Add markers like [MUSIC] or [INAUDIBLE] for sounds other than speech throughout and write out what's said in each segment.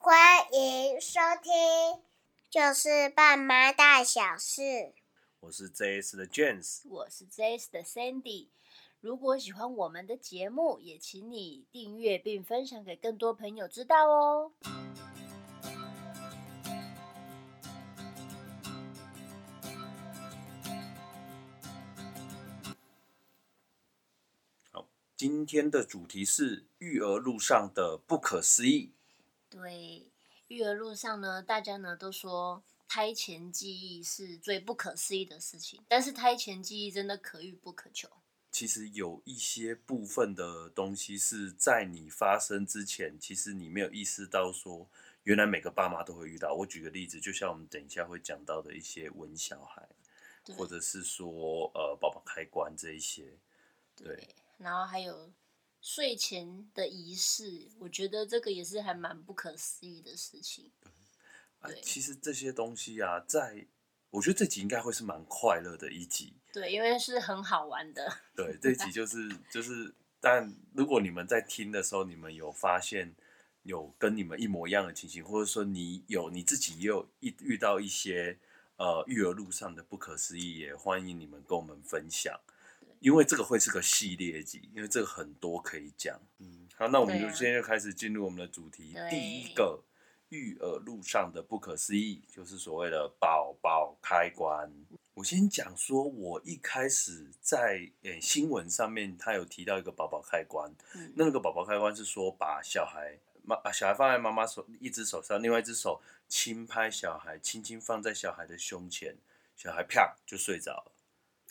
歡迎收聽，Js 爸媽大小事。我是 Js 的 James，我是 Js 的 Sandy。如果喜歡我們的節目，也請你訂閱並分享給更多朋友知道哦。好，今天的主題是育兒路上的不可思議。對，育兒路上呢，大家呢都說胎前記憶是最不可思議的事情，但是胎前記憶真的可遇不可求。其實有一些部分的東西是在你發生之前，其實你沒有意識到，說原來每個爸媽都會遇到。我舉個例子，就像我們等一下會講到的一些聞小孩，或者是說呃寶寶開關這一些，對，對然後還有。睡前的儀式，我覺得這個也是還蠻不可思議的事情。啊，其實這些東西啊，在我覺得這集應該會是蠻快樂的一集。對，因為是很好玩的。對，這一集就是 [LAUGHS] 就是，但如果你們在聽的時候，你們有發現有跟你們一模一樣的情形，或者說你有你自己也有一遇到一些呃育兒路上的不可思議也，也歡迎你們跟我們分享。因為這個會是個系列集，因為這個很多可以講。嗯，好，那我們就現在開始進入我們的主題。啊、第一個育兒路上的不可思議，就是所謂的寶寶開關。我先講說，我一開始在、欸、新聞上面，他有提到一個寶寶開關。嗯，那個寶寶開關是說，把小孩媽把、啊、小孩放在媽媽手一隻手上，另外一隻手輕拍小孩，輕輕放在小孩的胸前，小孩啪就睡着了。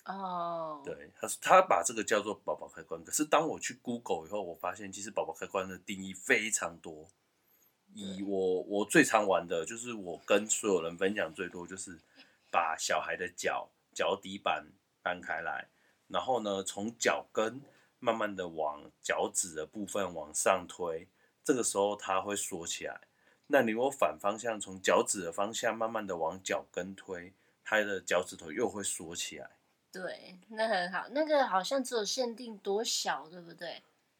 哦、oh.，對，他他把這個叫做寶寶開關。可是當我去 Google 以後，我發現其實寶寶開關的定義非常多。以我我最常玩的就是我跟所有人分享最多就是把小孩的腳腳底板扳開來，然後呢，從腳跟慢慢的往腳趾的部分往上推，這個時候它會縮起來。那你如果反方向從腳趾的方向慢慢的往腳跟推，他的腳趾頭又會縮起來。對，那很好。那個好像只有限定多小，對不對？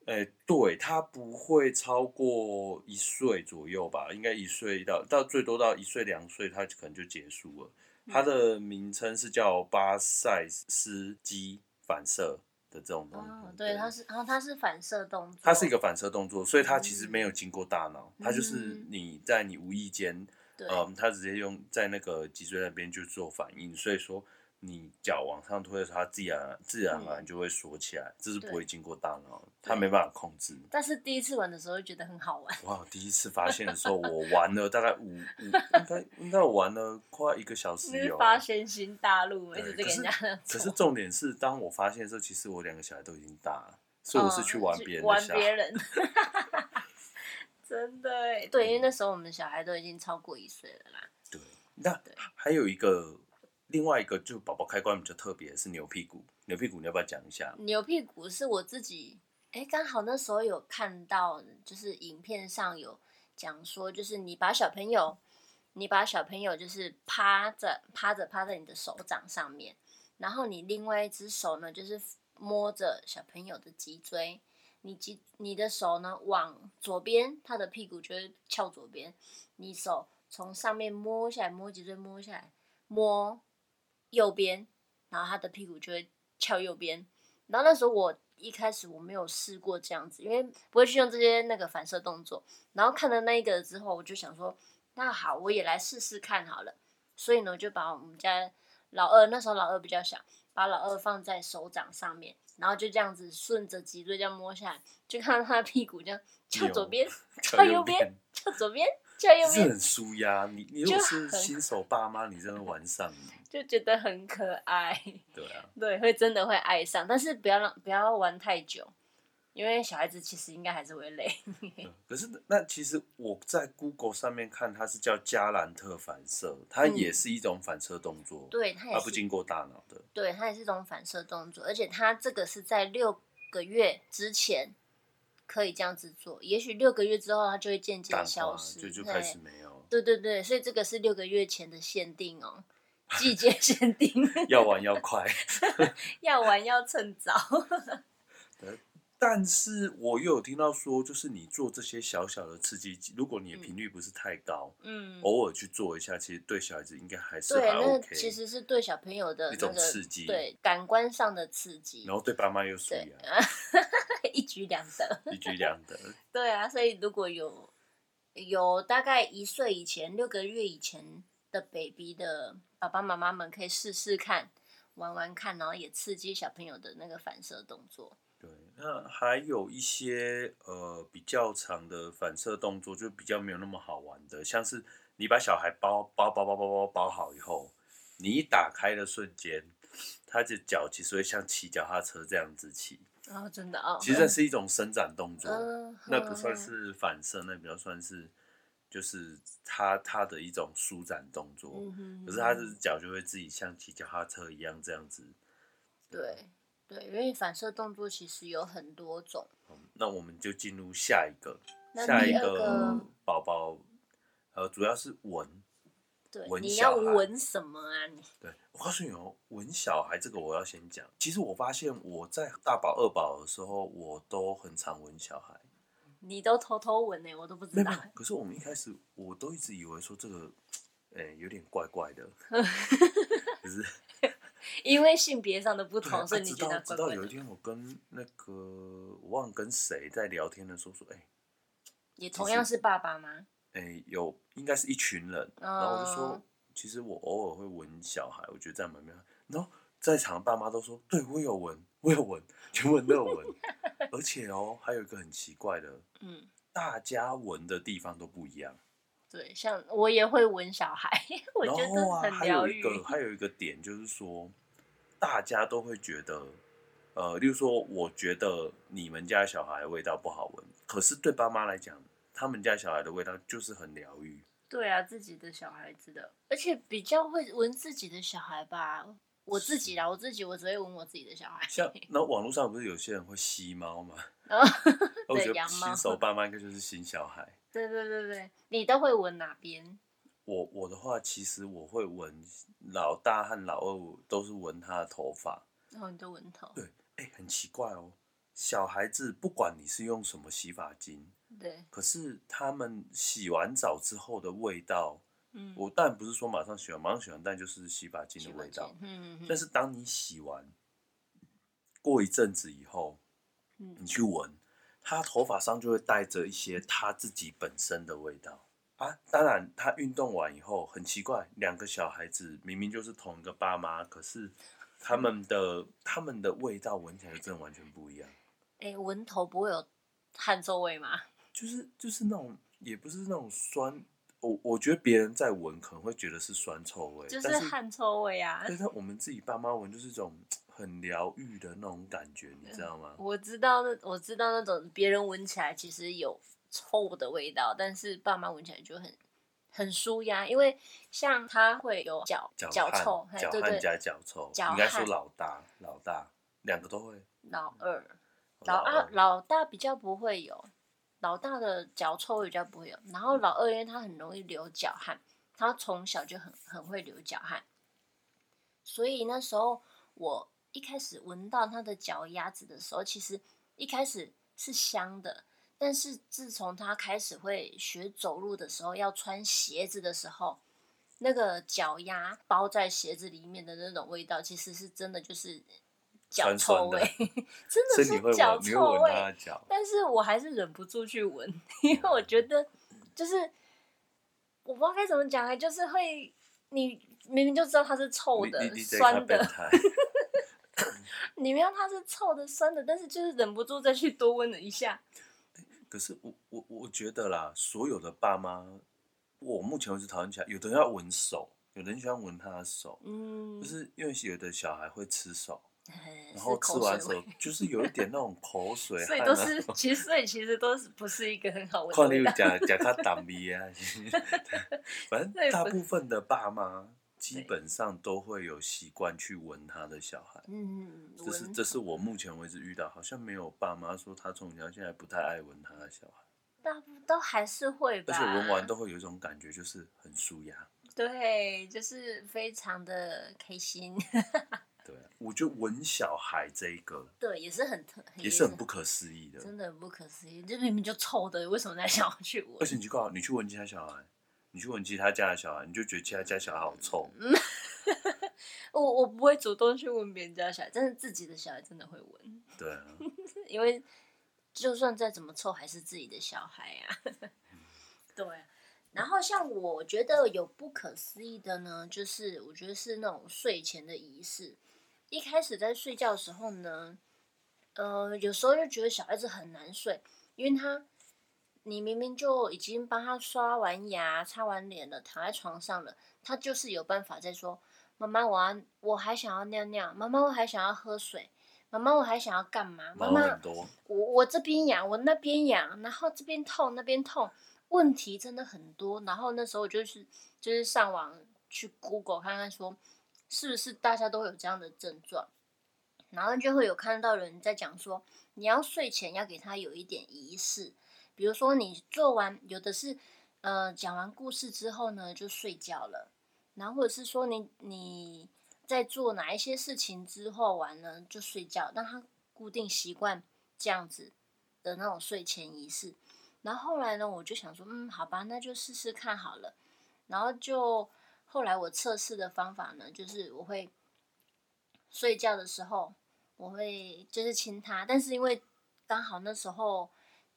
哎、欸，對，它不會超過一歲左右吧？應該一歲到到最多到一歲兩歲，它可能就結束了。它、嗯、的名稱是叫巴塞斯基反射的這種東西、哦。對，它是，然後它是反射動作。它是一個反射動作，所以它其實沒有經過大腦，它、嗯、就是你在你無意間，嗯，它、嗯、直接用在那個脊椎那邊就做反應，所以說。你腳往上推的時候，它自然、啊、自然、啊、就會縮起來、嗯，這是不會經過大腦，它沒辦法控制。但是第一次玩的時候就覺得很好玩。哇、wow，第一次發現的時候，我玩了大概五五， [LAUGHS] 應該應該玩了快一個小時。有發現新大陸嗎？對，可是 [LAUGHS] 可是重點是，當我發現的時候，其實我兩個小孩都已經大了，所以我是去玩別人、哦、人。玩別人。真的對、嗯，因為那時候我們小孩都已經超過一歲了啦。對，那對還有一個。另外一個就寶寶開關比較特別，是牛屁股。牛屁股你要不要講一下？牛屁股是我自己，哎、欸，剛好那時候有看到，就是影片上有講說，就是你把小朋友，你把小朋友就是趴着趴着趴在你的手掌上面，然後你另外一隻手呢，就是摸着小朋友的脊椎，你脊你的手呢往左邊，他的屁股就會翹左邊，你手從上面摸下來，摸脊椎，摸下來，摸。右邊，然後他的屁股就會翹右邊。然後那時候我一開始我沒有試過這樣子，因為不會去用這些那個反射動作。然後看到那一個之後，我就想說，那好，我也來試試看好了。所以呢，我就把我們家老二，那時候老二比較小，把老二放在手掌上面，然後就這樣子順着脊椎這樣摸下來，就看到他的屁股這樣翹左邊，翹右邊，翹左邊，翹右邊。是很舒壓。你你如果是新手爸媽，你真的玩上。 [LAUGHS] 就覺得很可愛，對啊對，會真的會愛上，但是不要讓不要玩太久，因為小孩子其實應該還是會累。 [LAUGHS] 可是那其實我在 Google 上面看，它是叫加蘭特反射，它也是一種反射動作，嗯、對，它也、啊、不經過大腦的，對，它也是一種反射動作，而且它這個是在六個月之前可以這樣子做，也許六個月之後它就會漸漸消失，就就開始沒有，對對對，所以這個是六個月前的限定哦、喔。季節限定， [LAUGHS] 要玩要快 [LAUGHS] ，要玩要趁早 [LAUGHS] 但是我又有聽到說，就是你做這些小小的刺激，如果你的頻率不是太高，嗯、偶爾去做一下，其實對小孩子應該還是還 o、OK、對，那個、其實是對小朋友的一、那個、種刺激，對感官上的刺激，然後對爸媽又屬於、啊、 [LAUGHS] 一舉兩得，一舉兩得。對啊，所以如果有有大概一歲以前，六個月以前。baby 的爸爸媽媽們可以試試看，玩玩看，然後也刺激小朋友的那個反射動作。對，那還有一些呃比較長的反射動作，就比較沒有那麼好玩的，像是你把小孩包包包，包包包包包好以後，你一打開的瞬間，他的腳其實會像騎腳踏車這樣子騎。哦、oh,，真的哦，oh. 其實這是一種伸展動作，oh. 那不算是反射，那比較算是。就是他他的一種舒展動作，嗯、哼哼，可是他的腳就會自己像騎腳踏車一樣這樣子。對對，因為反射動作其實有很多種。嗯、那我們就進入下一個，個下一個寶寶，呃，主要是聞。對，你要聞什麼啊你？對，我告訴你哦、喔，聞小孩這個我要先講。其實我發現我在大寶、二寶的時候，我都很常聞小孩。你都偷偷聞呢、欸，我都不知道。沒有沒有。可是我們一開始，我都一直以為說這個，欸、有點怪怪的。 [LAUGHS] 可是， [LAUGHS] 因為性別上的不同，所以你覺得怪怪的。知道，知道有一天，我跟那個我忘了跟誰在聊天的時候說，哎、欸，也同樣是爸爸嗎？哎、欸，有，應該是一群人、嗯。然後我就說，其實我偶爾會聞小孩，我覺得這樣蠻妙。然後在場的爸媽都說，對，我有聞。我也聞，全部都聞， [LAUGHS] 而且哦、喔，還有一個很奇怪的，嗯，大家聞的地方都不一樣。對，像我也會聞小孩，啊、 [LAUGHS] 我覺得很療癒。還有一個，還有一個點就是說，大家都會覺得，呃，例如說，我覺得你們家的小孩味道不好聞，可是對爸媽來講，他們家小孩的味道就是很療癒。對啊，自己的小孩子的，的而且比較會聞自己的小孩吧。我自己啦，我自己，我只會聞我自己的小孩。像那網絡上不是有些人會吸貓嗎？ [LAUGHS] [LAUGHS] [LAUGHS] 對，養貓。新手爸媽應該就是新小孩。對對對對，你都會聞哪邊？我我的話，其實我會聞老大和老二，都是聞他的頭髮。然後、哦、你就聞頭。對，哎、欸，很奇怪哦，小孩子不管你是用什麼洗髮精，對，可是他們洗完澡之後的味道。嗯，我當然不是說馬上洗完，馬上洗完，但就是洗髮精的味道。嗯，嗯，嗯，但是當你洗完，過一陣子以後，嗯，你去聞，他頭髮上就會帶着一些他自己本身的味道啊。當然，他運動完以後很奇怪，兩個小孩子明明就是同一個爸媽，可是他們的他們的味道聞起來真的完全不一樣。哎、欸，聞頭不會有汗臭味嗎？就是就是那種，也不是那種酸。我我覺得別人在聞可能會覺得是酸臭味，就是汗臭味啊。但。但是我們自己爸媽聞就是一種很療癒的那種感覺， [LAUGHS] 你知道嗎？我知道那，我知道那種別人聞起來其實有臭的味道，但是爸媽聞起來就很很舒壓，因為像他會有腳腳臭，腳汗加腳臭，應該說老大老大兩個都會，老二老二、老,老大比較不會有。老大的腳臭我比較不會有，然後老二因為他很容易流腳汗，他從小就很很會流腳汗，所以那時候我一開始聞到他的腳丫子的時候，其實一開始是香的，但是自從他開始會學走路的時候，要穿鞋子的時候，那個腳丫包在鞋子裡面的那種味道，其實是真的就是。腳臭味，真的是腳臭味、欸。但是我還是忍不住去聞，因為我覺得，就是我不知道該怎麼講哎，就是會你明明就知道它是臭的、酸的你，你明知道它是臭的、酸的，但是就是忍不住再去多聞了一下、欸。可是我我我覺得啦，所有的爸媽，我目前為止討論起來，有的人要聞手，有的人喜歡聞他的手，就、嗯、是因為是有的小孩會吃手。然後吃完之後，就是有一點那種口水、啊。 [LAUGHS] 所以都是其實，所以其實都是不是一個很好聞的味道。 [LAUGHS] 味啊、 [LAUGHS] 反正大部分的爸媽基本上都會有習慣去聞他的小孩。嗯嗯。這是這是我目前為止遇到，好像沒有爸媽說他從小現在不太愛聞他的小孩。大部分都還是會吧。而且聞完都會有一種感覺，就是很舒壓。對，就是非常的開心。 [LAUGHS] 對，我就聞小孩這一個，對，也是很特，也是很不可思議的，真的很不可思議。這明明就臭的，為什麼在想要去聞？而且你去搞，你去聞其他小孩，你去聞其他家的小孩，你就覺得其他家的小孩好臭。 [LAUGHS] 我我不會主動去聞別人家的小孩，但是自己的小孩真的會聞。對啊。 [LAUGHS] 因為就算再怎麼臭，還是自己的小孩啊。 [LAUGHS] 對。然後像我覺得有不可思議的呢，就是我覺得是那種睡前的儀式。一開始在睡覺的時候呢，呃，有時候就覺得小孩子很難睡，因為他，你明明就已經幫他刷完牙、擦完臉了，躺在床上了，他就是有辦法在說：“媽媽，我我還想要尿尿，媽媽，我還想要喝水，媽媽，我還想要幹嘛？”媽媽，我我這邊癢，我那邊癢，然後這邊痛，那邊痛，問題真的很多。然後那時候我就是就是上網去 Google 看看說，是不是大家都有這樣的症狀？然後就會有看到人在講說，你要睡前要給他有一點儀式，比如說你做完，有的是，呃，講完故事之後呢就睡覺了，然後或者是說你你，在做哪一些事情之後完了就睡覺，讓他固定習慣這樣子的那種睡前儀式。然後後來呢，我就想說，嗯，好吧，那就試試看好了，然後就。後來我測試的方法呢，就是我會睡覺的時候，我會就是親他，但是因為剛好那時候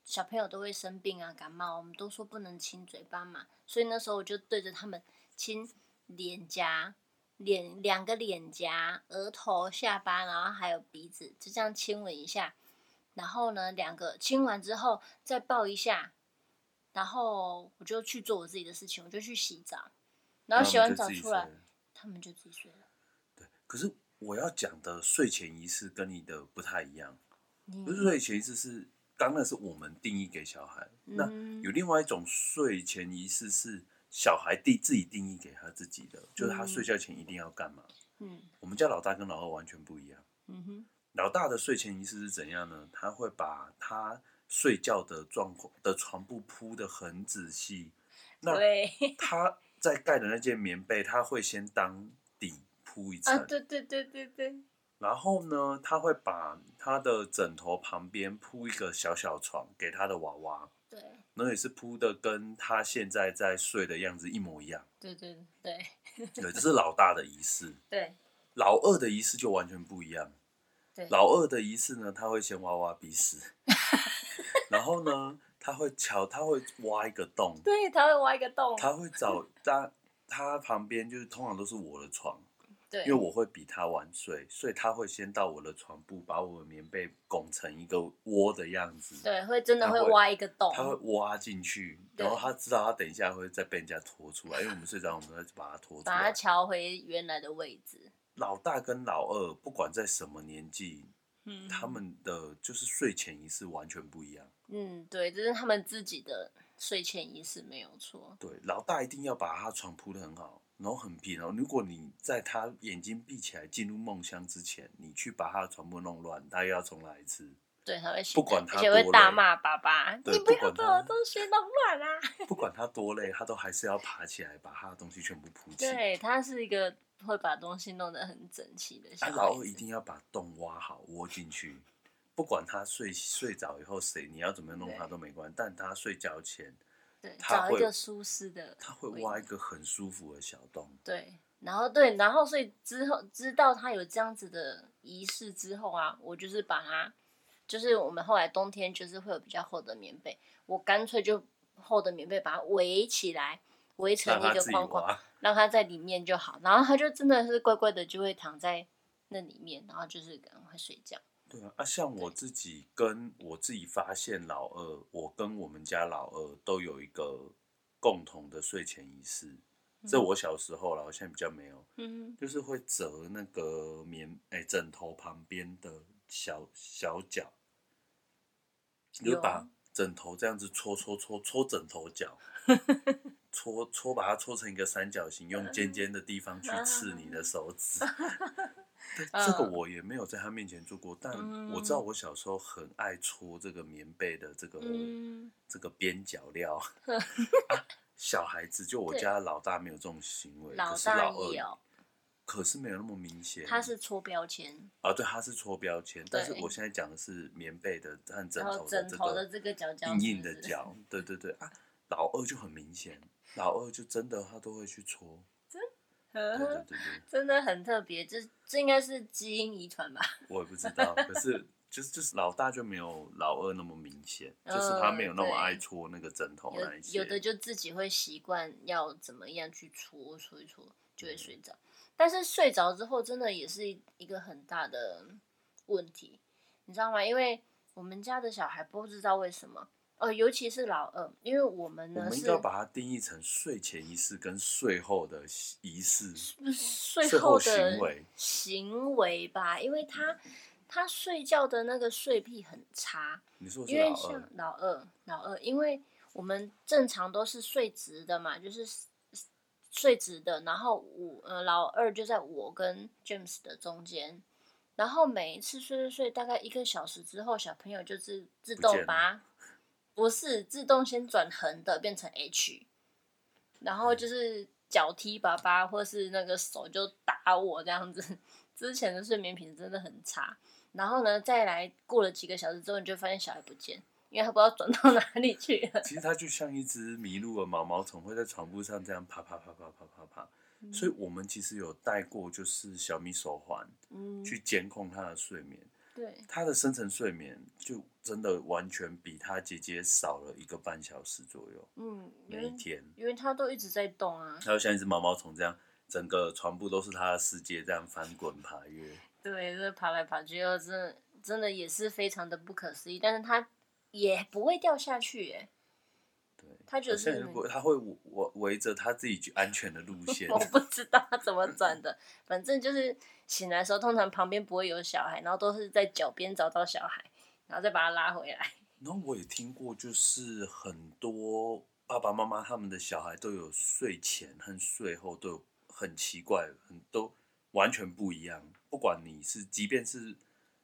小朋友都會生病啊，感冒，我們都說不能親嘴巴嘛，所以那時候我就對着他們親臉頰、臉、兩個臉頰、額頭、下巴，然後還有鼻子，就這樣親吻一下。然後呢，兩個親完之後再抱一下，然後我就去做我自己的事情，我就去洗澡。然後，然後洗完澡出來，他們就自己睡了。對，可是我要講的睡前儀式跟你的不太一樣。嗯、不是睡前儀式是，當然是我們定義給小孩、嗯。那有另外一種睡前儀式是小孩定自己定義給他自己的，就是他睡覺前一定要幹嘛？嗯、我們家老大跟老二完全不一樣、嗯。老大的睡前儀式是怎樣呢？他會把他睡覺的狀況的床鋪鋪鋪得很仔細。那他。對 [LAUGHS] 在蓋的那件棉被，他會先當底鋪一層，啊，對對對、對、對，然後呢，他會把他的枕頭旁邊鋪一個小小床給他的娃娃，對，然後也是鋪的跟他現在在睡的樣子一模一樣，對對對對。這， [LAUGHS] 就是老大的儀式，對，老二的儀式就完全不一樣，對，老二的儀式呢，他會先娃娃鼻屎， [LAUGHS] 然後呢。他會敲，他會挖一個洞。對，他會挖一個洞。他會找他，他旁邊就是通常都是我的床，對，因為我會比他晚睡，所以他會先到我的床鋪，把我的棉被拱成一個窩的樣子。對，會真的會挖一個洞。他會，他會挖進去，然後他知道他等一下會再被人家拖出來，因為我們睡着，我們再把他拖出來，把他敲回原來的位置。老大跟老二不管在什麼年紀，嗯，他們的就是睡前儀式完全不一樣。嗯，對，這是他們自己的睡前儀式，沒有錯。對，老大一定要把他床鋪得很好，然後很平。然後如果你在他眼睛閉起來進入夢鄉之前，你去把他的床鋪弄亂，他又要重來一次。對，他會不管他多累，而且會大罵爸爸。你不要多少東西弄亂啊！不！不管他多累，他都還是要爬起來把他的東西全部鋪起來。對，他是一個會把東西弄得很整齊的小孩，他、啊、老二一定要把洞挖好，窩進去。不管他睡，睡着以後誰，你要怎麼樣弄他都沒關係，但他睡覺前，對，找一個舒適的，他會挖一個很舒服的小洞，對，然後對，然後所以之後知道他有這樣子的儀式之後啊，我就是把他，就是我們後來冬天就是會有比較厚的棉被，我乾脆就厚的棉被把它圍起來，圍成一個框框讓、啊，讓他在裡面就好，然後他就真的是乖乖的就會躺在那裡面，然後就是趕快睡覺。對啊，啊，像我自己跟我自己發現，老二，我跟我們家老二都有一個共同的睡前儀式、嗯。這我小時候啦，我現在比較沒有，嗯、就是會折那個棉，哎，枕頭旁邊的小小角，你就是、把枕頭這樣子搓搓搓搓枕頭角，搓搓把它搓成一個三角形，用尖尖的地方去刺你的手指。 [LAUGHS] 對這個我也沒有在他面前做過、嗯，但我知道我小時候很愛搓這個棉被的這個、嗯、這個邊角料、 [LAUGHS] 啊。小孩子就我家的老大沒有這種行為，可是老二老、哦，可是沒有那麼明顯。他是搓標籤啊，對，他是搓標籤。但是我現在講的是棉被的和枕頭的這個硬硬的角。對對對啊，老二就很明顯，老二就真的他都會去搓。呵呵，真的很特別，這這應該是基因遺傳吧？我也不知道， [LAUGHS] 可是就是就是老大就沒有老二那麼明顯、嗯，就是他沒有那麼愛戳那個枕頭那一些。對，有，有的就自己會習慣要怎麼樣去戳，戳一戳就會睡着、嗯，但是睡着之後真的也是一個很大的問題，你知道嗎？因為我們家的小孩不知道為什麼。呃，尤其是老二，因為我們呢是，我們要把它定義成睡前儀式跟睡後的儀式，是不是睡後的行為行為吧，因為他、嗯、他睡覺的那個睡癖很差，你說是老二？老二，老二，因為我們正常都是睡直的嘛，就是睡直的，然後我呃老二就在我跟 James 的中間，然後每一次睡睡睡大概一個小時之後，小朋友就自自動拔。不是自動先轉橫的變成 H，然後就是腳踢爸爸，或是那個手就打我這樣子。之前的睡眠品質真的很差，然後呢再來過了幾個小時之後，你就發現小孩不見，因為他不知道轉到哪裡去了。其實他就像一隻迷路的毛毛蟲，會在床鋪上這樣爬爬爬爬爬爬爬。所以我們其實有帶過就是小米手環，嗯，去監控他的睡眠。嗯對，他的深層睡眠就真的完全比他姐姐少了一個半小時左右，嗯，每一天，因為他都一直在動啊，他就像一隻毛毛蟲這樣，整個全部都是他的世界這樣翻滾爬越， [LAUGHS] 對，就是、爬來爬去真的，真真的也是非常的不可思議，但是他也不會掉下去耶。他就是，如果他會圍着他自己安全的路線。 [LAUGHS] 我不知道他怎麼轉的， [LAUGHS] 反正就是醒來的時候，通常旁邊不會有小孩，然後都是在腳邊找到小孩，然後再把他拉回來。然後我也聽過，就是很多爸爸媽媽他們的小孩都有睡前和睡後都有很奇怪，很都完全不一樣。不管你是，即便是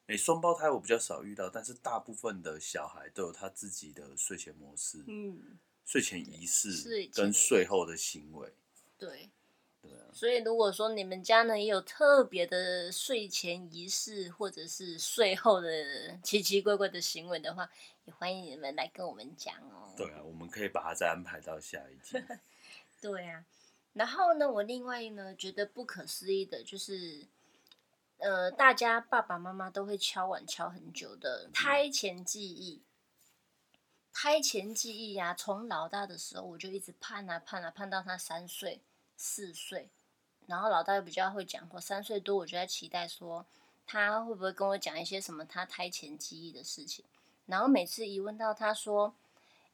誒雙胞胎，我比較少遇到，但是大部分的小孩都有他自己的睡前模式。嗯。睡前儀式，睡前跟睡後的行為，對，對、啊，所以如果說你們家呢也有特別的睡前儀式，或者是睡後的奇奇怪怪的行為的話，也歡迎你們來跟我們講哦。對啊，我們可以把它再安排到下一集。 [LAUGHS] 對啊，然後呢，我另外呢覺得不可思議的就是，呃，大家爸爸媽媽都會敲碗敲很久的胎前記憶。嗯胎前記憶呀、啊，從老大的時候我就一直盼啊盼啊，盼，啊盼到他三歲、四歲，然後老大又比較會講，話，三歲多我就在期待說他會不會跟我講一些什麼他胎前記憶的事情。然後每次一問到他說，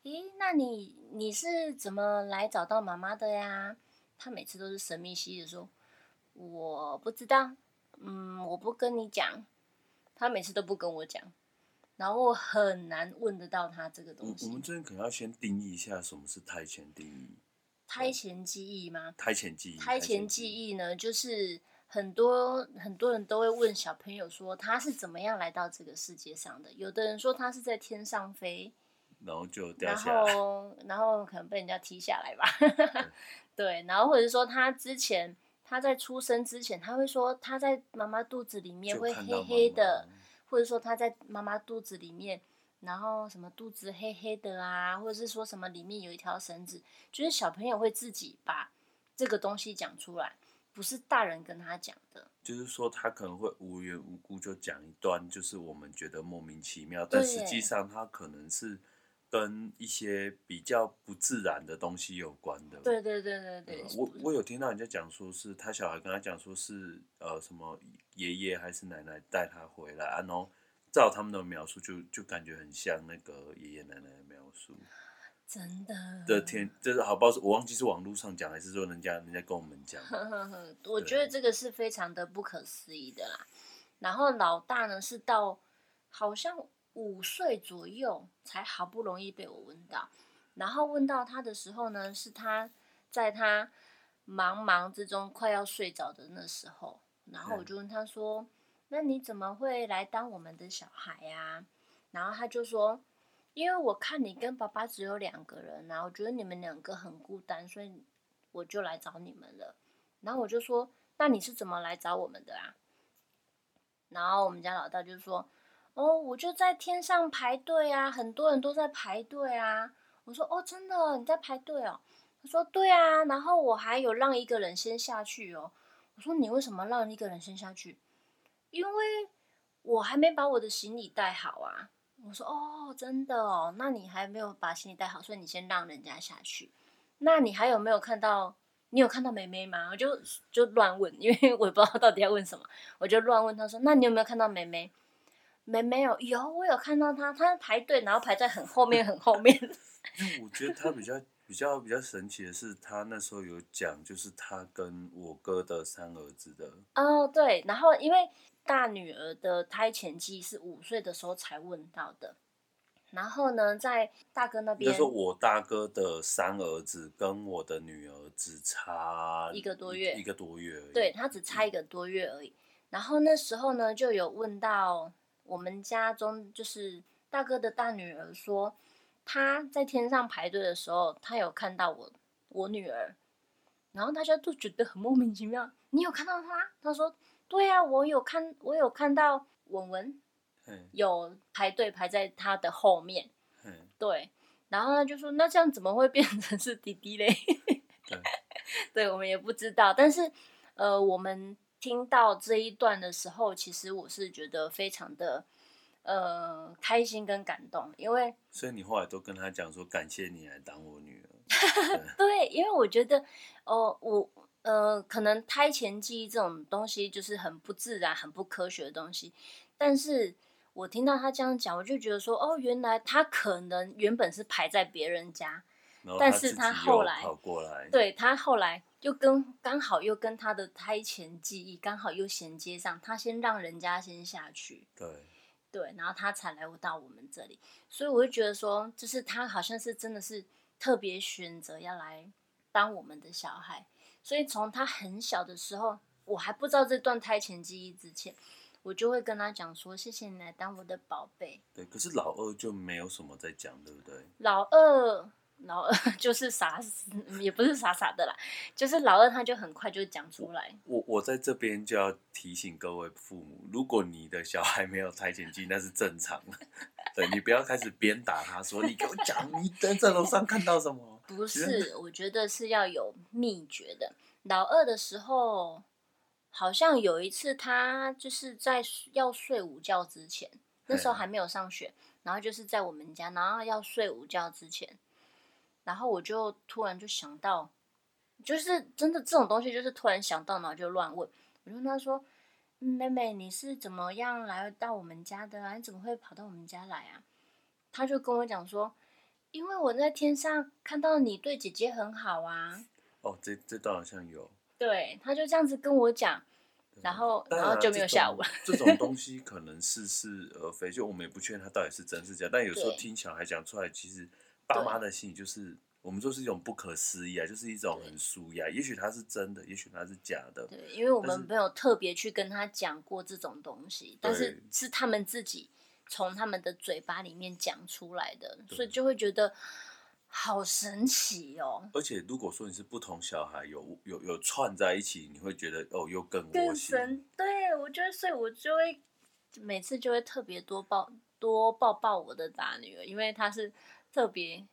咦，那你你是怎麼來找到媽媽的呀？他每次都是神秘兮兮的說，我不知道，嗯，我不跟你講。他每次都不跟我講。然後我很難問得到他這個東西我。我們這邊可能要先定義一下什麼是胎前記憶？胎前記憶嗎？胎前記憶。胎前，前記憶呢，就是很多很多人都會問小朋友說他是怎麼樣來到這個世界上的。有的人說他是在天上飛，然後就掉下來，然後然後可能被人家踢下來吧。 [LAUGHS] 對，然後或者說他之前他在出生之前，他會說他在媽媽肚子裡面會黑黑的。或者說他在媽媽肚子裡面，然後什麼肚子黑黑的啊，或者是說什麼裡面有一條繩子，就是小朋友會自己把這個東西講出來，不是大人跟他講的。就是說他可能會無緣無故就講一段，就是我們覺得莫名其妙，但實際上他可能是。跟一些比較不自然的東西有關的。對對對對對、嗯。我我有聽到人家講說是，是他小孩跟他講說是呃什麼爺爺還是奶奶帶他回來啊？然後照他們的描述就，就就感覺很像那個爺爺奶奶的描述。真的。的天，這、就是好不好？我忘記是網絡上講還是說人家人家跟我們講。 [LAUGHS] 我覺得這個是非常的不可思議的啦。然後老大呢是到好像五歲左右才好不容易被我問到，然後問到他的時候呢，是他在他茫茫之中快要睡着的那時候，然後我就問他說：“嗯、那你怎麼會來當我們的小孩呀、啊？”然後他就說：“因為我看你跟爸爸只有兩個人，然後我覺得你們兩個很孤單，所以我就來找你們了。”然後我就說：“那你是怎麼來找我們的啊？”然後我們家老大就說。哦，我就在天上排隊啊，很多人都在排隊啊。我說，哦，真的，你在排隊哦？他說，對啊。然後我還有讓一個人先下去哦。我說，你為什麼讓一個人先下去？因為我還沒把我的行李帶好啊。我說，哦，真的哦？那你還沒有把行李帶好，所以你先讓人家下去。那你還有沒有看到？你有看到妹妹嗎？我就就亂問，因為我也不知道到底要問什麼，我就亂問。他說，那你有沒有看到妹妹？沒沒有有，我有看到他，他排隊，然後排在很後面很後面。因 [LAUGHS] 為我覺得他比較比較比較神奇的是，他那時候有講，就是他跟我哥的三兒子的。哦，對，然後因為大女兒的胎前記是五歲的時候才問到的，然後呢，在大哥那邊，就是我大哥的三兒子跟我的女兒只差一個多月，一個多月，一個多月而已，對他只差一個多月而已，嗯。然後那時候呢，就有問到。我們家中就是大哥的大女兒說，她在天上排隊的時候，她有看到我我女兒，然後大家都覺得很莫名其妙。你有看到她？她說：“對呀、啊，我有看，我有看到文文，有排隊排在她的後面。”對，然後呢就說：“那這樣怎麼會變成是弟弟嘞 [LAUGHS] ？”對，我們也不知道，但是呃，我們。聽到這一段的時候，其實我是覺得非常的呃開心跟感動，因為所以你後來都跟他講說感謝你來當我女兒， [LAUGHS] [LAUGHS] 對，因為我覺得哦我呃可能胎前記憶這種東西就是很不自然、很不科學的東西，但是我聽到他這樣講，我就覺得說哦原來他可能原本是排在別人家，然後他自己又靠過來。但是他後來對他後來。就跟剛好又跟他的胎前記憶剛好又銜接上，他先讓人家先下去，對，對，然後他才來到我們這裡，所以我就覺得說，就是他好像是真的是特別選擇要來當我們的小孩，所以從他很小的時候，我還不知道這段胎前記憶之前，我就會跟他講說，謝謝你來當我的寶貝。對，可是老二就沒有什麼在講，對不對？老二。然後就是傻，也不是傻傻的啦，就是老二他就很快就講出來。我我，我在這邊就要提醒各位父母，如果你的小孩沒有胎前記憶，那是正常的， [LAUGHS] 對，你不要開始鞭打他說，說 [LAUGHS] 你給我講，你在樓上看到什麼？不是，我覺得是要有祕訣的。老二的時候，好像有一次他就是在要睡午覺之前，那時候還沒有上學， [LAUGHS] 然後就是在我們家，然後要睡午覺之前。然後我就突然就想到，就是真的這種東西，就是突然想到哪就亂問。我就跟他說：“妹妹，你是怎麼樣來到我們家的、啊？你怎麼會跑到我們家來啊？”他就跟我講說：“因為我在天上看到你對姐姐很好啊。”哦，這這倒好像有。對，他就這樣子跟我講，然後、啊、然後就沒有下文這種，這種東西可能似是而非， [LAUGHS] 就我們也不確定他到底是真是假，但有時候聽小孩講出來其，其實。爸媽的心就是，我們說是一種不可思議啊，就是一種很紓壓。也許他是真的，也許他是假的。對，因為我們沒有特別去跟他講過這種東西，但是但是，是他們自己從他們的嘴巴裡面講出來的，所以就會覺得好神奇哦、喔。而且如果說你是不同小孩有有有，有串在一起，你會覺得哦，又更更神。對我，就所以我就會，我就會每次就會特別多抱多抱抱我的大女兒，因為她是。特別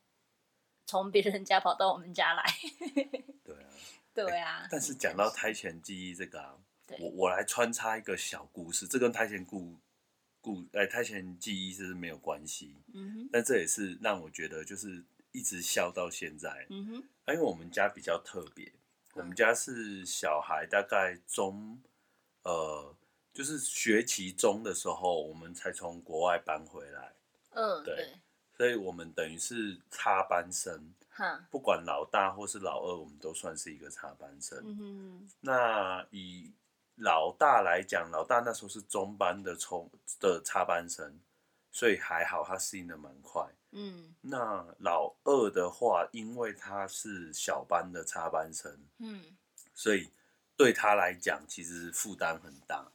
從別人家跑到我們家來， [LAUGHS] 對啊，欸、對啊。但是講到胎前記憶這個、啊，我我來穿插一個小故事，這跟胎前故故哎、欸、胎前記憶是沒有關係、嗯，但這也是讓我覺得就是一直笑到現在，嗯啊、因為我們家比較特別、嗯，我們家是小孩大概中，嗯、呃，就是學期中的時候，我們才從國外搬回來，嗯，對。對所以我們等於是插班生，huh. 不管老大或是老二，我們都算是一個插班生。Mm -hmm. 那以老大來講，老大那時候是中班的充的插班生，所以還好他適應的蠻快。Mm -hmm. 那老二的話，因為他是小班的插班生，mm -hmm. 所以對他來講，其實負擔很大。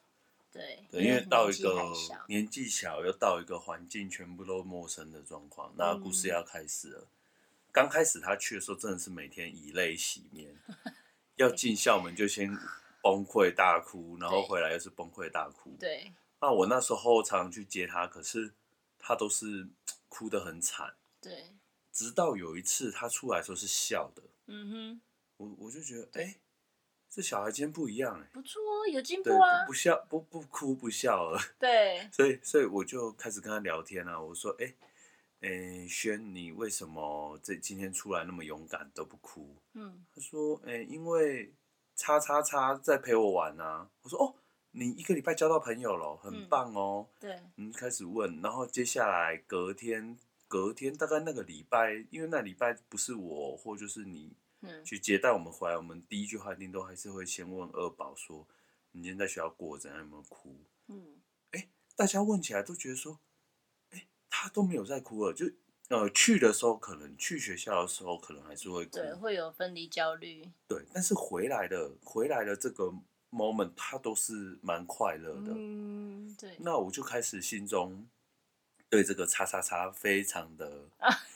對、嗯，因為到一個年紀小，小，又到一個環境，全部都陌生的狀況、嗯，那故事要開始了。剛開始他去的時候，真的是每天以淚洗面， [LAUGHS] 要進校門就先崩潰大哭，然後回來又是崩潰大哭。對，那我那時候常常去接他，可是他都是哭得很慘。對，直到有一次他出來的時候是笑的，嗯哼，我我就覺得，哎。欸這小孩今天不一樣哎，欸，不錯哦，有進步啊！不，不笑，不不哭，不笑了。對，所以所以我就開始跟他聊天啊。我說：“哎，欸，哎，軒，欸，Shen，你為什麼這今天出來那麼勇敢，都不哭？”嗯，他說：“哎，欸，因為叉叉叉在陪我玩啊。”我說：“哦，你一個禮拜交到朋友了，很棒哦。嗯”對，你，嗯，開始問，然後接下來隔天，隔天大概那個禮拜，因為那禮拜不是我或就是你。嗯、去接待我們回來，我們第一句話一定都還是會先問二寶說：“你今天在學校過怎樣？有沒有哭、嗯，欸？”大家問起來都覺得說，欸、他都沒有在哭了，就呃去的時候可能去學校的時候可能還是會哭，對，會有分離焦慮，對，但是回來的回來的這個 moment，他都是蠻快樂的，嗯，對，那我就開始心中。對這個“叉叉叉”非常的，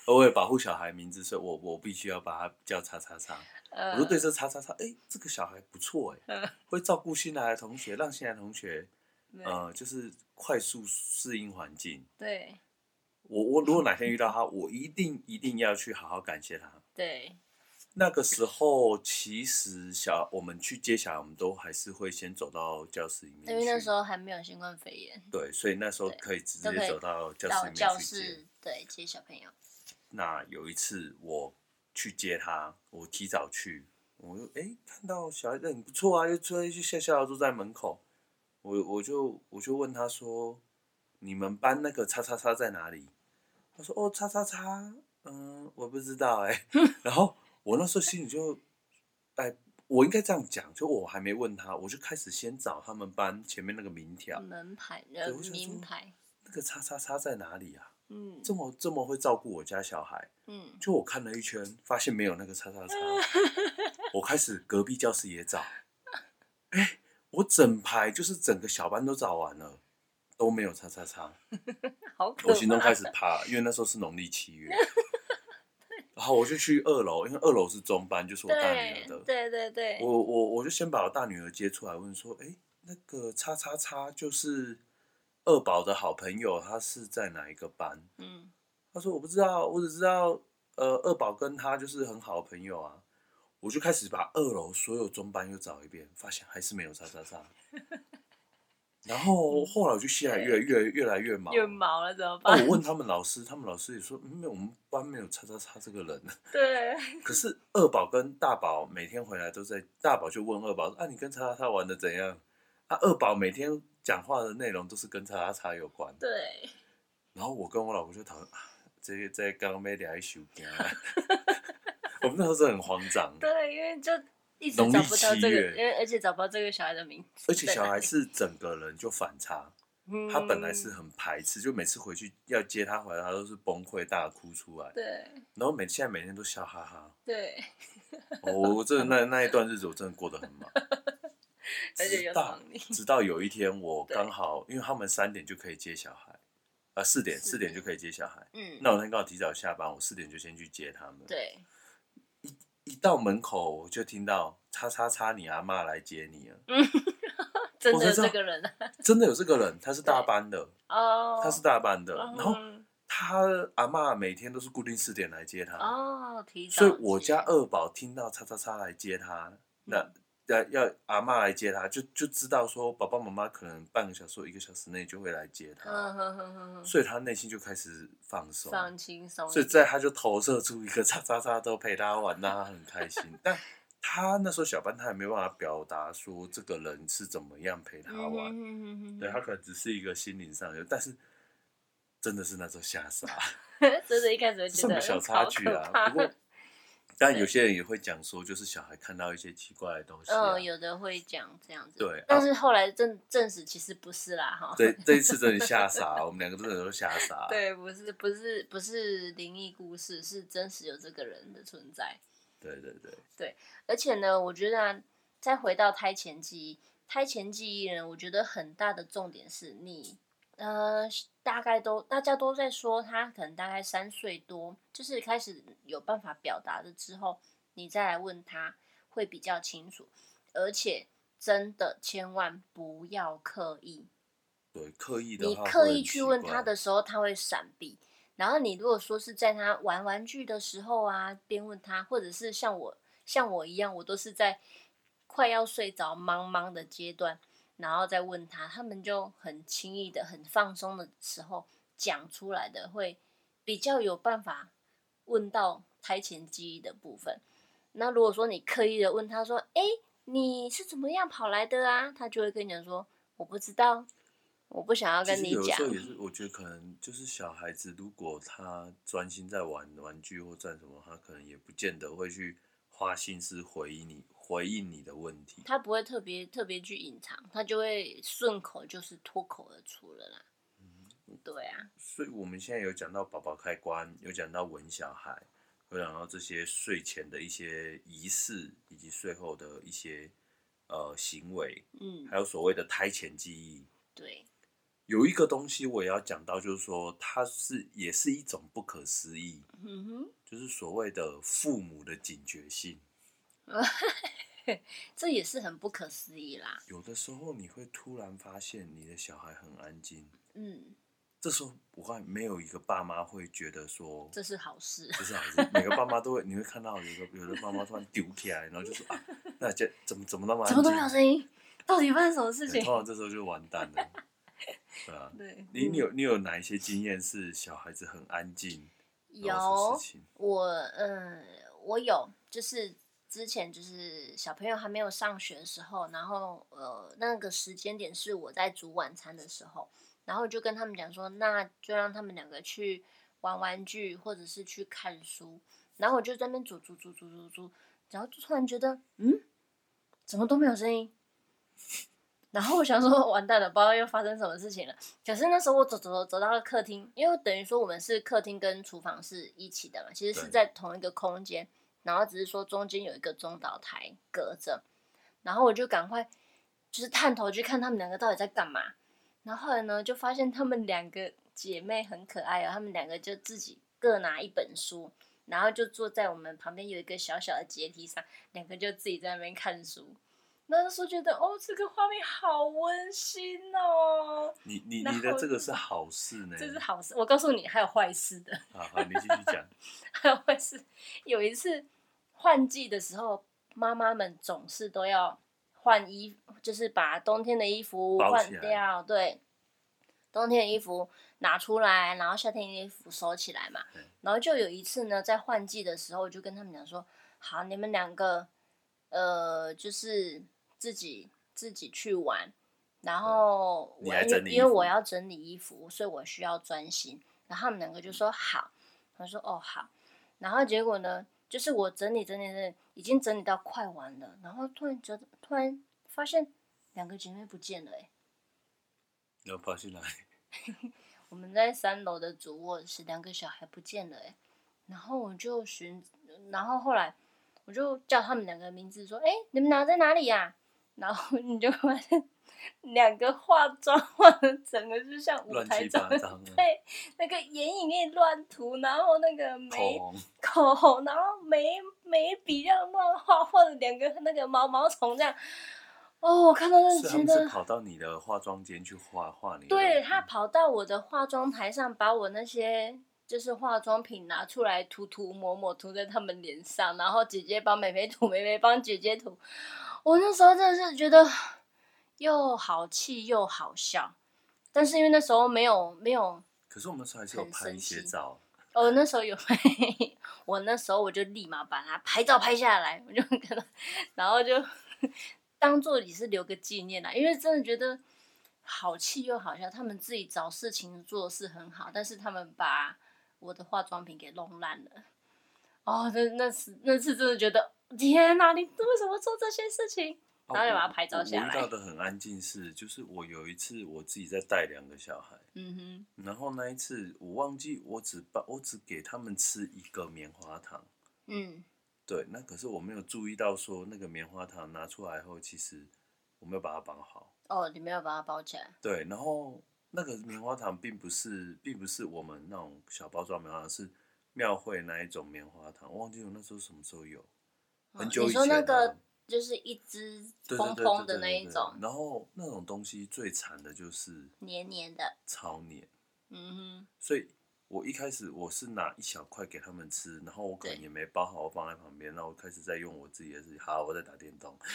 我為 [LAUGHS] 了保護小孩名字，所以我，我我必須要把他叫“叉叉叉”。我就對，這‘叉叉叉’，哎、欸，這個小孩不錯，哎，會照顧新來的同學，讓新來同學、呃，就是快速適應環境。”對，我我如果哪天遇到他，我一定一定要去好好感謝他。對。那個時候，其實小我們去接小孩，我們都還是會先走到教室裡面。因為那時候還沒有新冠肺炎。對，所以那時候可以直接走到教室裡面去接。對，接小朋友。那有一次我去接他，我提早去，我就哎、欸、看到小孩子很、欸、不錯啊，又追，去笑笑坐在門口，我我就我就問他說：“你們班那個叉叉叉在哪裡？”他說：“哦，叉叉叉，嗯，我不知道哎、欸。 [LAUGHS] ”然後。我那時候心裡就，哎，我應該這樣講，就我還沒問他，我就開始先找他們班前面那個名條、門牌、人名牌，對，門牌，那個叉叉叉在哪裡啊？嗯，這麼這麼會照顧我家小孩，嗯，就我看了一圈，發現沒有那個叉叉叉，嗯、我開始隔壁教室也找，哎、 [LAUGHS] 欸，我整排就是整個小班都找完了，都沒有叉叉叉，好可，我心中開始怕，因為那時候是農曆七月。 [LAUGHS] 好，我就去二樓，因為二樓是中班，就是我大女兒的。對對對。我我我就先把我大女兒接出來，問說：“哎、欸，那個叉叉叉就是二寶的好朋友，他是在哪一個班？”嗯，他說：“我不知道，我只知道呃，二寶跟他就是很好的朋友啊。”我就開始把二樓所有中班又找一遍，發現還是沒有叉叉叉。 [LAUGHS] 然後後來我就現在越來越越來越毛，毛了，越毛了怎麼辦，哦？我問他們老師，他們老師也說，嗯，我們班沒有叉叉叉這個人。對。可是二寶跟大寶每天回來都在，大寶就問二寶啊，你跟叉叉叉玩得怎樣？”啊，二寶每天講話的內容都是跟叉叉叉有關。對。然後我跟我老婆就討論，啊、這些在剛沒倆一宿我們那時候是很慌張。對，因為就。一直找不到這個，而、而且找不到這個小孩的名字。而且小孩是整個人就反差、嗯，他本來是很排斥，就每次回去要接他回來，他都是崩潰大哭出來。對。然後每現在每天都笑哈哈。對。我、哦、這個、那那一段日子，我真的過得很忙。而且又忙你直、直到有一天我剛、我剛好因為他們三點就可以接小孩，啊、呃，四點四點就可以接小孩。嗯。那我那天剛好提早下班，我四點就先去接他們。對。一到門口，我就聽到“叉叉叉”，你阿嬤來接你了。真的有這個人，真的有這個人、啊，他是大班的，哦，他是大班的。然後他阿嬤每天都是固定四點來接他哦，所以我家二寶聽到“叉叉叉”來接他，那。要阿媽來接他，就就知道說爸爸媽媽可能半個小時、一個小時內就會來接他，嗯、哼哼哼所以他內心就開始放鬆，所以在他就投射出一個叉叉叉,叉，都陪他玩，那他很開心。 [LAUGHS] 但他那時候小班，他也沒辦法表達說這個人是怎麼樣陪他玩，嗯、哼哼哼哼對他可能只是一個心靈上有，但是真的是那時候嚇傻，真的，一開始覺得小差距啊，不過。但有些人也會講說，就是小孩看到一些奇怪的東西、啊。嗯，有的會講這樣子。對，但是後來證證實其實不是啦，哈、啊。對，這一次真的嚇傻， [LAUGHS] 我們兩個真的都嚇傻。對，不是，不是，不是靈異故事，是真實有這個人的存在。對對對。對，而且呢，我覺得、啊、再回到胎前記憶，胎前記憶呢，我覺得很大的重點是你。呃，大概都大家都在說他可能大概三歲多，就是開始有辦法表達的之後，你再來問他會比較清楚。而且真的千萬不要刻意，對，刻意的話，你刻意去問他的時候，他會閃避。然後你如果說是在他玩玩具的時候啊，邊問他，或者是像我像我一樣，我都是在快要睡着、茫茫的階段。然後再問他，他們就很輕易的、很放鬆的時候講出來的，會比較有辦法問到胎前記憶的部分。那如果說你刻意的問他說：“哎，你是怎麼樣跑來的啊？”他就會跟你說：“我不知道，我不想要跟你講。”其實有時候也是，我覺得可能就是小孩子，如果他專心在玩玩具或在什麼，他可能也不見得會去。花心思回應你，回應你的問題。他不會特別特別去隱藏，他就會順口就是脫口而出了啦。嗯，對啊。所以我們現在有講到寶寶開關，有講到聞小孩，有講到這些睡前的一些儀式，以及睡後的一些呃行為。嗯，還有所謂的胎前記憶。嗯、對。有一個東西我也要講到，就是說它，是也是一種不可思議，嗯哼、就是所謂的父母的警覺性， [LAUGHS] 這也是很不可思議啦。有的時候你會突然發現你的小孩很安靜，嗯，這時候我看沒有一個爸媽會覺得說，這是好事，不是好事，每個爸媽都會， [LAUGHS] 你會看到有個有的爸媽突然丟起來，然後就說，啊、那這怎麼怎麼那麼安靜？怎麼都沒有聲音？到底發生什麼事情？突、嗯、然這時候就完蛋了。 [LAUGHS] [LAUGHS] [LAUGHS] [LAUGHS] 你，你有你有哪一些經驗是小孩子很安靜 [LAUGHS] ？有，我嗯，我有，就是之前就是小朋友還沒有上學的時候，然後呃，那個時間點是我在煮晚餐的時候，然後就跟他們講說，那就讓他們兩個去玩玩具或者是去看書，然後我就在那邊煮煮煮煮煮煮，然後就突然覺得，嗯，怎麼都沒有聲音。然後我想說，完蛋了，不知道又發生什麼事情了。可是那時候我走走走走到了客廳，因為等於說我們是客廳跟廚房是一起的嘛，其實是在同一個空間。然後只是說中間有一個中島台隔着，然後我就趕快就是探頭去看他們兩個到底在幹嘛。然後後來呢，就發現他們兩個姐妹很可愛哦，他們兩個就自己各拿一本書，然後就坐在我們旁邊有一個小小的階梯上，兩個就自己在那邊看書。那時候覺得哦，這個畫面好溫馨哦。你你你的這個是好事呢？這是好事，我告訴你還有壞事的。啊，好，你繼續講。 [LAUGHS] 還有壞事，有一次換季的時候，媽媽們總是都要換衣，就是把冬天的衣服換掉，對，冬天的衣服拿出來，然後夏天的衣服收起來嘛。對。然後就有一次呢，在換季的時候，我就跟他們講說：“好，你們兩個，呃，就是。”自己自己去玩，然後我要、嗯、整理，因為我要整理衣服，所以我需要專心。然後他們兩個就說：“好。”我說：“哦，好。”然後結果呢，就是我整理整理的已經整理到快完了，然後突然覺得突然發現兩個姐妹不見了哎！要跑去哪裡？ [LAUGHS] 我們在三樓的主臥室，是兩個小孩不見了，然後我就尋，然後後來我就叫他們兩個名字說：“哎，你們倆在哪裡呀，啊？”然後你就發現兩個化妝化的整個就像舞台妝，對，那個眼影給你亂塗，然後那個眉口紅，然後眉眉筆亂畫，畫的兩個那個毛毛蟲這樣。哦，我看到那真的。跑到你的化妝間去畫畫你。對，他跑到我的化妝台上，把我那些就是化妝品拿出來塗塗抹抹塗在他們臉上，然後姐姐幫妹妹塗，妹妹幫姐姐塗。我那時候真的是覺得又好氣又好笑，但是因為那時候沒有沒有，可是我們那時候還是有拍一些照。哦，那時候有拍， [LAUGHS] 我那時候我就立馬把它拍照拍下來，我就跟， [LAUGHS] 然後就 [LAUGHS] 當做也是留個紀念了，因為真的覺得好氣又好笑。他們自己找事情做的是很好，但是他們把我的化妝品給弄爛了，哦，那那次那次真的覺得。天哪、啊！你為什麼做這些事情？然後你把它拍照下來。哦、我我遇到的很安靜，是就是我有一次我自己在帶兩個小孩，嗯哼，然後那一次我忘記我只把我只給他們吃一個棉花糖，嗯，對，那可是我沒有注意到說那個棉花糖拿出來後，其實我沒有把它綁好。哦，你沒有把它包起來。對，然後那個棉花糖並不是並不是我們那種小包裝棉花糖，是廟會那一種棉花糖。我忘記我那時候什麼時候有。很久以前、嗯、那個就是一隻紅紅的那一種。對對對對對對對，然後那種東西最慘的就是黏黏的，超黏，嗯哼。所以我一開始我是拿一小塊給他們吃，然後我可能也沒包好，我放在旁邊，然後我開始在用我自己的事情。好，我在打電動。 [LAUGHS]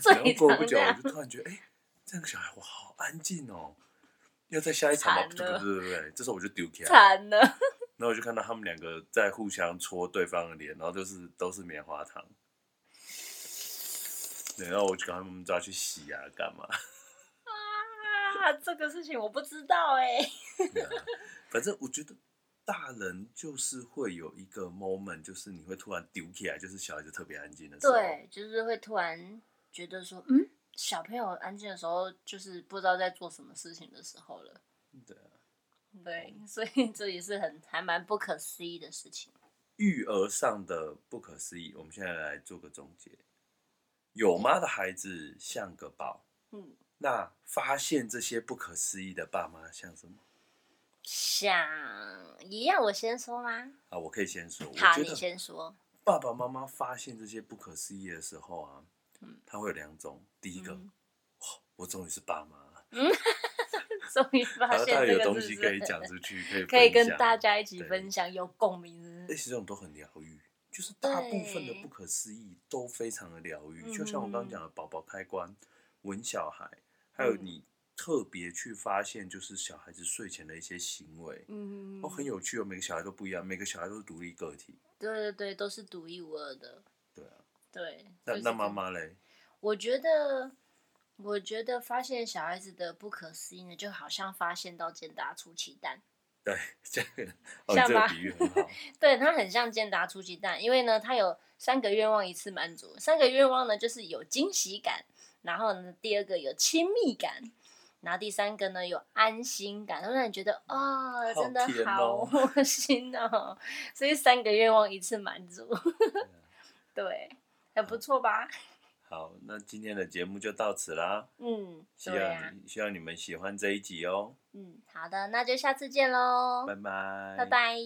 [LAUGHS] 過不久，我就突然覺得，哎、欸，這個小孩我好安靜哦，要在下一場嗎了，對對對，這時候我就丟開了。那我就看到他們兩個在互相戳對方的臉，然後就是都是棉花糖。然後我就給他們抓去洗牙，啊、幹嘛？啊，這個事情我不知道哎、欸 [LAUGHS] 啊。反正我覺得大人就是會有一個 moment，就是你會突然丟起來，就是小孩子特別安靜的時候。對，就是會突然覺得說，嗯，小朋友安靜的時候，就是不知道在做什麼事情的時候了。對啊。對，所以這也是很還蠻不可思議的事情。育兒上的不可思議，我們現在來做個總結。有媽的孩子像個寶，嗯。那發現這些不可思議的爸媽像什麼？像，一樣我先說嗎？啊，我可以先說。好，你先說。爸爸媽媽發現這些不可思議的時候啊，嗯，他會有兩種。第一個，嗯，哦，我終於是爸媽了。嗯。終於發現這東西可以講出去，可以跟大家一起分享，有共鳴。其實這種都很療癒，就是大部分的不可思議都非常的療癒。就像我剛剛講的，寶寶開關、聞小孩，還有你特別去發現，就是小孩子睡前的一些行為，都、嗯哦、很有趣哦。每個小孩都不一樣，每個小孩都是獨立個體。對對對，都是獨一無二的。對啊。對。那、就是、那媽媽嘞？我覺得。我覺得發現小孩子的不可思議呢，就好像發現到健達出奇蛋。對，像哦、像吧，這個這個比喻很好。 [LAUGHS] 對，它很像健達出奇蛋，因為呢，它有三個願望一次滿足。三個願望呢，就是有驚喜感，然後呢，第二個有親密感，然後第三個呢有安心感，讓你覺得啊、哦哦，真的好噁心哦。所以三個願望一次滿足， [LAUGHS] 對，還不錯吧？嗯好，那今天的節目就到此啦。嗯，啊、希望希望你們喜歡這一集哦、喔。嗯，好的，那就下次見嘍。拜拜。拜拜。